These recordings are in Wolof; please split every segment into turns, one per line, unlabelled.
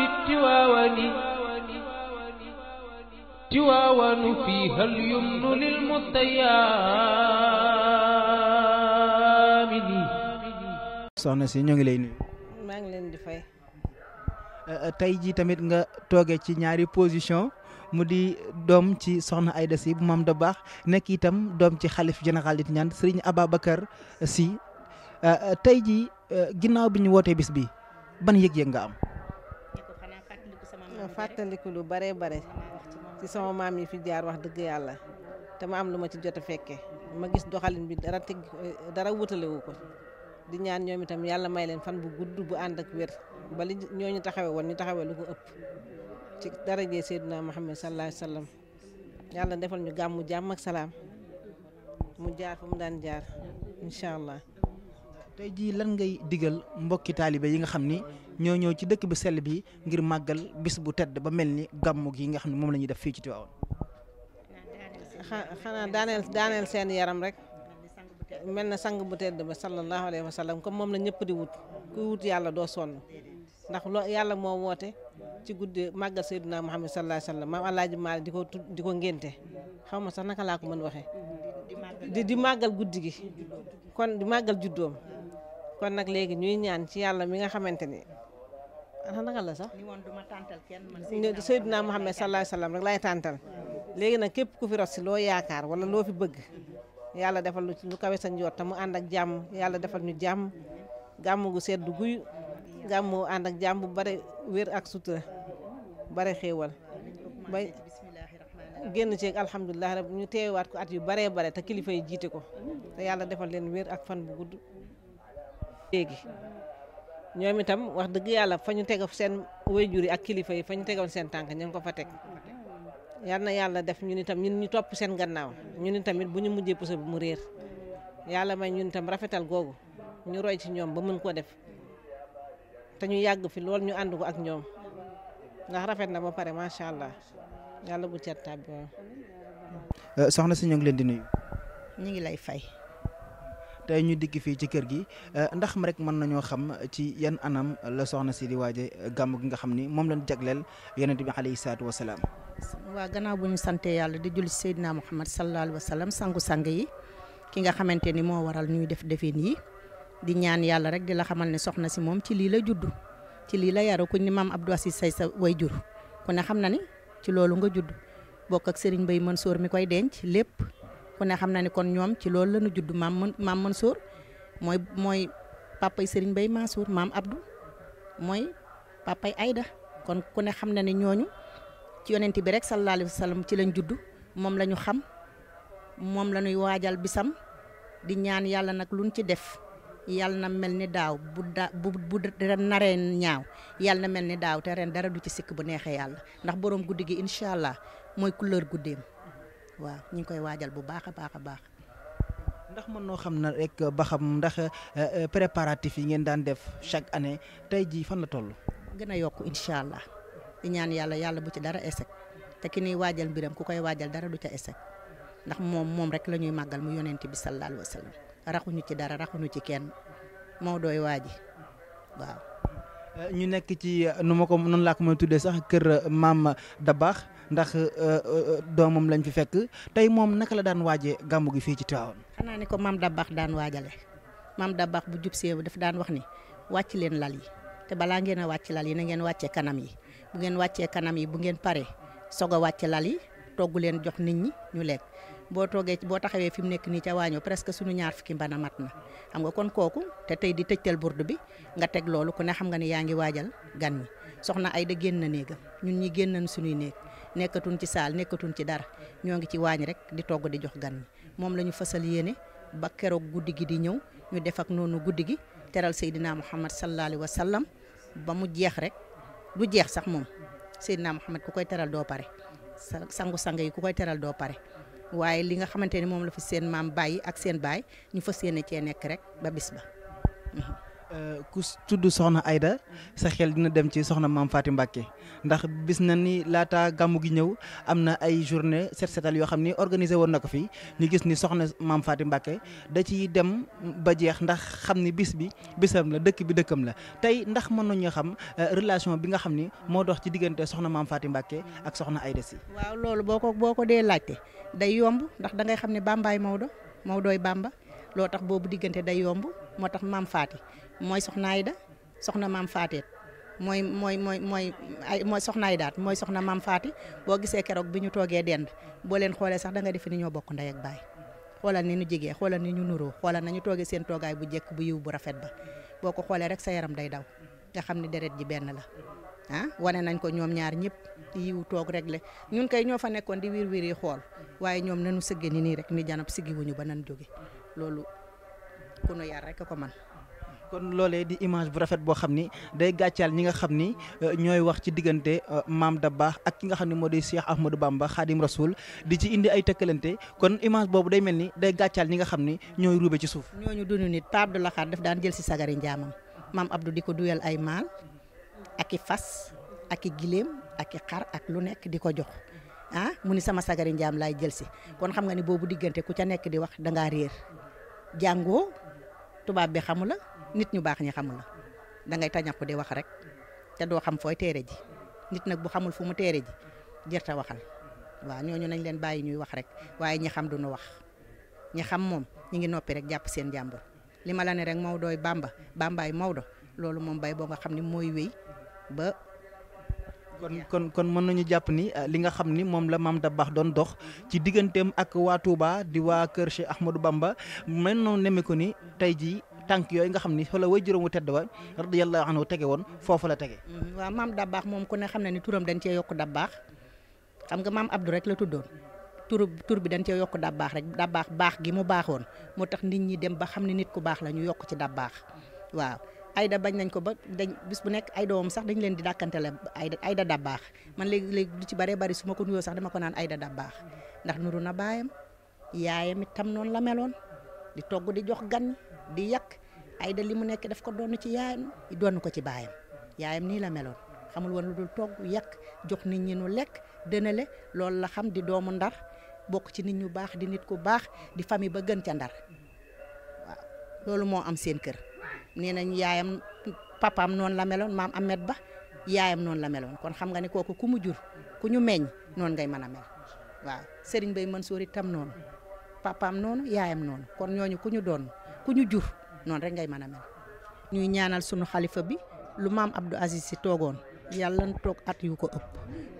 في التواون soxna si ñoo ngi lay nuyu
maa ngi leen di eh,
eh, tey jii tamit nga tooge ci ñaari position mu di doom ci soxna Aida Sy bu maam da baax nekk itam doom ci xalif général di ñaan sëriñ Ababacar si eh, tey ji ginnaaw bi ñu wootee bis bi ban yëg-yëg nga am
fàttaliku lu bare bare ci sama maam yi fi jaar wax dëgg yàlla te ma am lu ma ci jot a fekke ma gis doxalin bi dara teg dara wutalewu ko di ñaan ñoom itam yàlla may leen fan bu gudd bu ànd ak wér ba li ñu taxawe woon ñu taxawee lu ko ëpp ci darajee Seydina Muhammad sallallahu alayhi wa sallam yàlla defal ñu gàmmu jàmm ak salaam mu jaar fa mu daan jaar incha allah
tey jii lan ngay digal mbokki taalibe yi nga xam ni ñoo ñëw ci dëkk bu sell bi ngir màggal bis bu tedd ba mel ni gàmmu gi nga xam ne moom lañuy ñuy def fii ci Tivaouane.
xanaa daaneel daaneel seen yaram rek mel na sang bu tedd ba sallallahu alayhi wa sallam moom la ñëpp di wut kuy wut yàlla doo sonn ndax loo yàlla moo woote ci guddi màggal Seydina Muhammad sallallahu alayhi wa sallam maam Alaaji Maalik di ko di ko ngénte xaw ma sax naka laa ko mën waxee. di di màggal guddi gi kon di màggal juddoom kon nag léegi ñuy ñaan ci yàlla mi nga xamante ni ana naka la
sax. ni kenn man.
Seydina Muhammad sallallahu alayhi rek laay tàntal. léegi nag képp ku fi rot si loo yaakaar wala loo fi bëgg. yàlla defal lu lu kawe sa njoot te mu ànd ak jàmm yàlla defal ñu jàmm. gàmm gu sedd guy. gàmm ànd ak jàmm bu bare wér ak sutura. bare xéewal bay génn ceeg alhamdulilah rab ñu teewaat ko at yu bare bare te kilifa yi jiite ko. te yàlla defal leen wér ak fan bu gudd. léegi ñoom itam wax dëgg yàlla fa ñu teg seen wayjur yi ak kilifa yi fa ñu tegoon seen tànk ñu ngi ko fa teg yal na yàlla def ñun itam ñun ñu topp seen gannaaw ñun itamit bu ñu mujjee puso bu mu réer yàlla may ñun itam rafetal googu ñu roy ci ñoom ba mën koo def te ñu yàgg fi loolu ñu ànd ko ak ñoom ndax rafet na ba pare macha allah yàlla bu cet tàbbi
soxna si ñu ngi leen di nuyu. ñu ngi lay fay. tey ñu dikk fii ci kër gi euh, ndax rek mën nañoo xam ci yan anam la soxna si di waaje gàmm gi nga xam ni moom lañ jagleel yonent bi alayhi salaatu wa salaam.
waaw gannaaw bu ñu santee yàlla di julli Seydina Muhammad sallallahu alayhi wa sallam sangu-sang yi ki nga xamante ni moo waral ñuy def defin yi di ñaan yàlla rek di la xamal ne soxna si moom ci lii la judd ci lii la yaru ku ni maam Abdou Aziz say sa way jur ku ne xam na ni ci loolu nga judd bokk ak Serigne Baye Mansour mi koy denc ku ne xam na ni kon ñoom ci loolu lanu ñu judd maam mën maam mooy mooy papay Serigne Bay Mansour maam abdu mooy papay ayda kon ku ne xam na ni ñooñu ci yonent bi rek sallallahu alayhi wa ci lañ juddu moom la ñu xam moom la ñuy waajal bisam di ñaan yàlla nag lu luñ ci def yàlla na mel ni daaw bu da bu bu naree ñaaw yàlla na mel ni daaw te ren dara du ci sikk bu neexee yàlla ndax boroom guddi gi incha allah mooy couleur guddeem. waaw ñu ngi koy waajal bu baax a baax a baax.
ndax mën noo xam na rek ba xam ndax euh, euh, préparatif yi ngeen daan def chaque année tey jii fan la toll. gën a yokk
incha allah di ñaan yàlla yàlla bu ci dara échec te ki ñuy waajal mbiram ku koy waajal dara du ca échec ndax moom moom rek lañuy màggal mu yonent bi sallallahu alayhi wa raxuñu ci dara raxuñu ci kenn moo dooy waaji waaw.
Euh, ñu nekk ci nu ma ko noonu laa ko mën a tuddee sax kër maam baax ndax euh, euh, doomam lañ fi fekk tey moom naka la daan waaje gàmmu gi fii ci Tivaouane.
xanaa ni ko maam Dabax daan waajale maam Dabax bu jub see daf daan wax ni wàcc leen lal yi te balaa ngeen a wàcc lal yi na ngeen wàccee kanam yi bu ngeen wàccee kanam yi bu ngeen paree sog a wàcc lal yi togg leen jox nit ñi ñu lekk. boo toogee boo taxawee fi mu nekk nii ca waañoo presque suñu ñaar fukki mbana mat na xam nga kon kooku te tey di tëjtal burdu bi nga teg loolu ku ne xam nga ni yaa ngi waajal gan soxna ay génn néegam ñun ñi néeg nekkatuñ ci saal nekkatuñ ci dara ñoo ngi ci waañ rek di togg di jox gan ñi moom la ñu fasal yéene ba keroog guddi gi di ñëw ñu def ak noonu guddi gi teral Seydina Muhammad sallallahu alayhi wa sallam ba mu jeex rek du jeex sax moom Seydina Muhammad ku koy teral doo pare sangu-sang yi ku koy teral doo pare waaye li nga xamante ni moom la fi seen maam bàyyi ak seen baay ñu fas yéene cee nekk rek ba bis
ba. Euh, ku tudd soxna Aida sa xel dina dem ci soxna maam Faati Mbàkke ndax bis na ni laata gàmmu gi ñëw am na ay journée set setal yoo xam ni organisé woon na ko fi ñu gis ni soxna maam Faati Mbàkke da ciy dem ba jeex ndax xam ni bis bi bisam la dëkk bi dëkkam la tey ndax mën nañu xam euh, relation bi nga xam ni moo dox ci diggante soxna maam Faati Mbàkke ak soxna Aida si.
waaw loolu boo ko boo ko dee laajte day yomb ndax da xam ne Bambaay Maodo Maodooy Bamba loo tax boobu diggante day yomb moo tax maam mooy soxna Ayda soxna maam Faati mooy mooy mooy mooy ay mooy soxna Ayda mooy soxna maam Faati boo gisee keroog bi ñu toogee dend boo leen xoolee sax da nga defe ni ñoo bokk ndey ak baay xoolal ni ñu jegee xoolal ni ñu nuroo xoolal nañu toogee seen toogaay bu jekk bu yiw bu rafet ba boo ko xoolee rek sa yaram day daw nga xam ni deret ji benn la ah, wane nañ ko ñoom ñaar ñëpp yiw toog rek le ñun kay ñoo fa nekkoon di wiir wiir yi xool waaye ñoom nañu sëgge ni nii rek ni janab siggi wuñu ba nan
loolu ku nu yar rek ko man kon loolee di image bu rafet boo xam ni day gàccaal ñi nga xam ni euh, ñooy wax ci diggante euh, maam Dabakh ak ki nga xam ne moo si di Cheikh Ahmadou Bamba Khadim Rasoul di ci indi ay tëkkalante kon image boobu day mel ni day gàccaal ñi nga xam ni ñooy ruube ci suuf. ñooñu duñu nit Pape
Abdou Lahat daf daan jël si sagari njaamam maam Abdou di ko duyal ay maal ak fas ak i gileem ak lu nekk di ko jox. ah mu ni sama sagari njaam laay jël si kon xam nga ni boobu diggante ku ca nekk di wax dangaa réer jàngoo tubaab bi xamula nit ñu baax ñi xamul la da ngay tañaku di wax rek te doo xam fooy teere ji nit nag bu xamul fu mu teere ji jërta waxal waaw ñu nañ leen bàyyi ñuy wax rek waaye ñi xam duñu wax ñi xam moom ñi ngi noppi rek jàpp seen jàmbur li ma la ne
rek bàmba Bamba
Bambaay Maodo loolu moom bay boo nga xam ni mooy wéy ba.
kon kon kon mën nañu jàpp ni euh, li nga xam ni moom la Mame Dabakh doon dox ci digganteem ak waa Touba di waa Kër Cheikh Ahmadou Bamba mën noo nemme tànk yooyu nga xam ni fa la way juróom wu tedd wa radiyallahu anhu tege woon foofu la tege mm-hmm. waaw maam Dabbaax moom ku ne xam ne ni
turam dañ cee yokk Dabbaax xam rek la tuddoon tur tur bi dañ cee yokk Dabbaax rek Dabbaax baax gi mu baaxoon moo tax nit ñi dem ba xam ne nit ku baax la ñu yokk ci Dabbaax waaw ayda bañ nañ ko ba dañ bu nekk ay doomam sax dañ leen di dàkkantele ayda da dabbaax man léegi léegi du ci bare bari su ma ko nuyoo sax dama ko naan ayda dabbaax ndax nuru na baayam yaayam itam noonu la meloon di togg di jox gan di yàq Aida li mu nekk daf ko donn ci yaayam doon ko ci baayam yaayam nii la meloon xamul woon lu dul togg yàq jox nit ñi nu lekk dënale loolu la xam di doomu ndar bokk ci nit ñu baax di nit ku baax di famille ba gën ca ndar loolu moo am seen kër nee nañ yaayam papaam noonu la meloon maam am Ahmed Ba yaayam noonu la meloon kon xam nga ne kooku ku mu jur ku ñu meññ noonu ngay mën a mel waaw bay mën Mansour itam noonu papaam noonu yaayam noonu kon noonu rek ngay mën a mel. ñuy ñaanal suñu xalifa bi lu maam Abdou Aziz si toogoon yàlla na toog at yu ko ëpp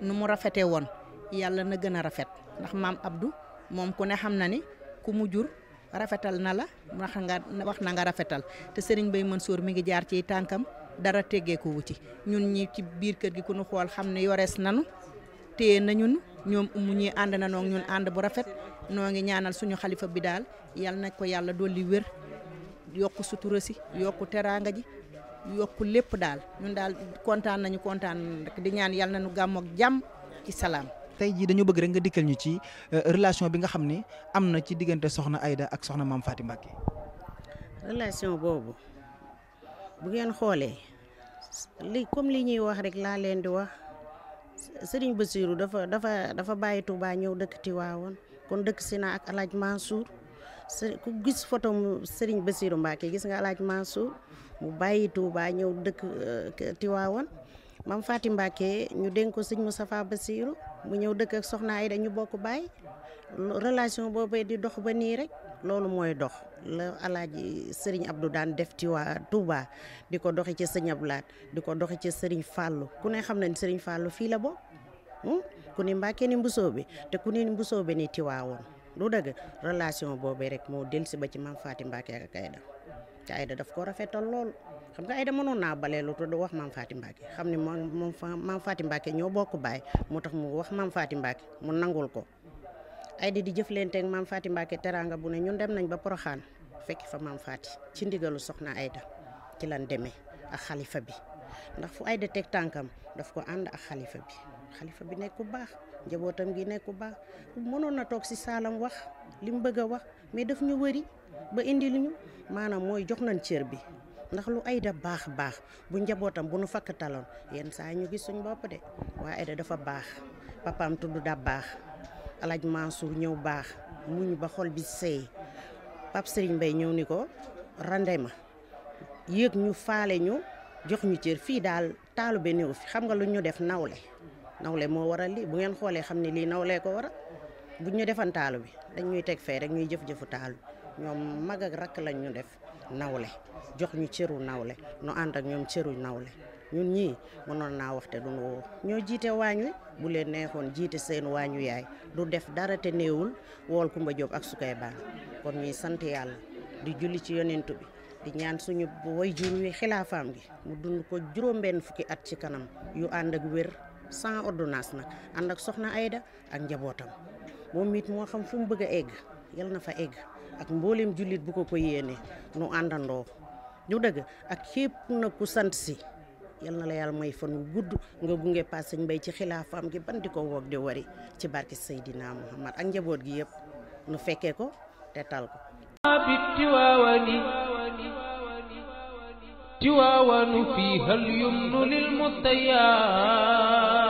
nu mu rafetee woon yàlla na gën a rafet ndax maam Abdou moom ku ne xam na ni ku mu jur rafetal na la wax nga wax na nga rafetal te sëriñ Serigne mën Mansour mi ngi jaar ci tànkam dara teggeeku wu ci ñun ñi ci biir kër gi ku nu xool xam ne yorees nanu téye na ñun ñoom umu ñi ànd na noog ñun ànd bu rafet noo ngi ñaanal suñu xalifa bi daal yàlla na ko yàlla yokk sutura si yokk teraanga ji yokk lépp daal ñun daal kontaan nañu kontaan rek di ñaan yàlla nañu gàmm ak jàmm ci salaam.
tey jii dañu bëgg rek nga dikkal ñu ci euh, relation bi nga xam ni am na ci diggante soxna Aida ak soxna maam Faty Mbacké.
relation
boobu bu ngeen xoolee li comme li ñuy wax rek laa leen di wax Serigne Bassirou dafa dafa dafa bàyyi Touba ñëw dëkk Tiwaawoon kon dëkk si na ak El Hadj Mansour ku gis photo mu Serigne Bassirou Mbacké gis nga alaaj Mansour mu bàyyi Touba ñëw dëkk euh, Tiwaawoon maam Fatim Mbacké ñu dénk ko sëñ Moustapha Bassirou mu ñëw dëkk ak soxna Aïda ñu bokk bàyyi relation boobu di dox ba nii rek loolu mooy dox la sëriñ ab du daan def Tiwaa Touba di ko doxi ci sëñ di ko doxi ci Serigne Fallou ku ne xam nañ Serigne Fallou fii la bokk hmm? ku ni Mbacké ni Mbusoo bi te ku ni Mbusoo bi ni Tiwaawoon lu dëgg relation boobee rek moo del si ba ci maam Faati Mbacke ak Aïda te Aïda daf ko rafetal lool xam nga Aïda mënoon naa balee lu tudd wax maam Faati Mbacke xam ne moom maam Faati Mbacke ñoo bokk baay moo tax mu wax maam Faati Mbacke mu nangul ko Aïda di jëf jëflanteeg maam Faati Mbacke teraanga bu ne ñun dem nañ ba Poroxaan fekk fa maam Faati ci ndigalu soxna Aïda ci lan demee ak xalifa bi ndax fu Aïda teg tànkam daf ko ànd ak xalifa bi xalifa bi nekk ku baax njabootam gi nekk ku baax mënoon na toog si saalam wax li mu bëgg a wax mais daf ñu wëri ba indi lu ñu maanaam mooy jox nañ cër bi ndax lu ayda baax baax bu njabootam bu nu fakk taloon yenn saa ñu gis suñ bopp de waaye Aïda dafa baax papaam tudd da baax alaaj Mansour ñëw baax muñ ba xol bi seey Pape Serigne Mbaye ñëw ni ko rande ma yéeg ñu faale ñu jox ñu cër fii daal taalu be néew fi xam nga lu ñu def nawle nawle moo waral lii bu ngeen xoolee xam ne lii nawle ko waral bu ñu defan taalu bi dañ ñuy teg fee rek ñuy jëf-jëfu taalu ñoom mag ak rakk lañ ñu def nawle jox ñu cëru nawle nu ànd ak ñoom cëru nawle ñun ñii mënoon naa waxte du nu woo ñoo jiite waañ wi bu leen neexoon jiite seen waañu yaay du def dara te néewul wool Kumba Jóob ak sukay baan kon ñuy sant yàlla di julli ci yonent bi di ñaan suñu way jur wi xilaafaam gi mu dund ko juróom benn fukki at ci kanam yu ànd ak wér sans ordonnance nag ànd ak soxna Aida ak njabootam moom it moo xam fu mu bëgg egg yal na fa egg ak mbooleem jullit bu ko ko yéene nu àndandoo ñu dëgg ak képp na ku sant si yal na la yàlla may fan wu gudd nga gunge paas sëñ Mbay ci xilaafaam gi ban di ko woog di wari ci barke Seydina Muhammad ak njaboot gi yëpp nu fekkee ko te tal ko
tiwaawaanu fiiha al yumnu lil muttayaa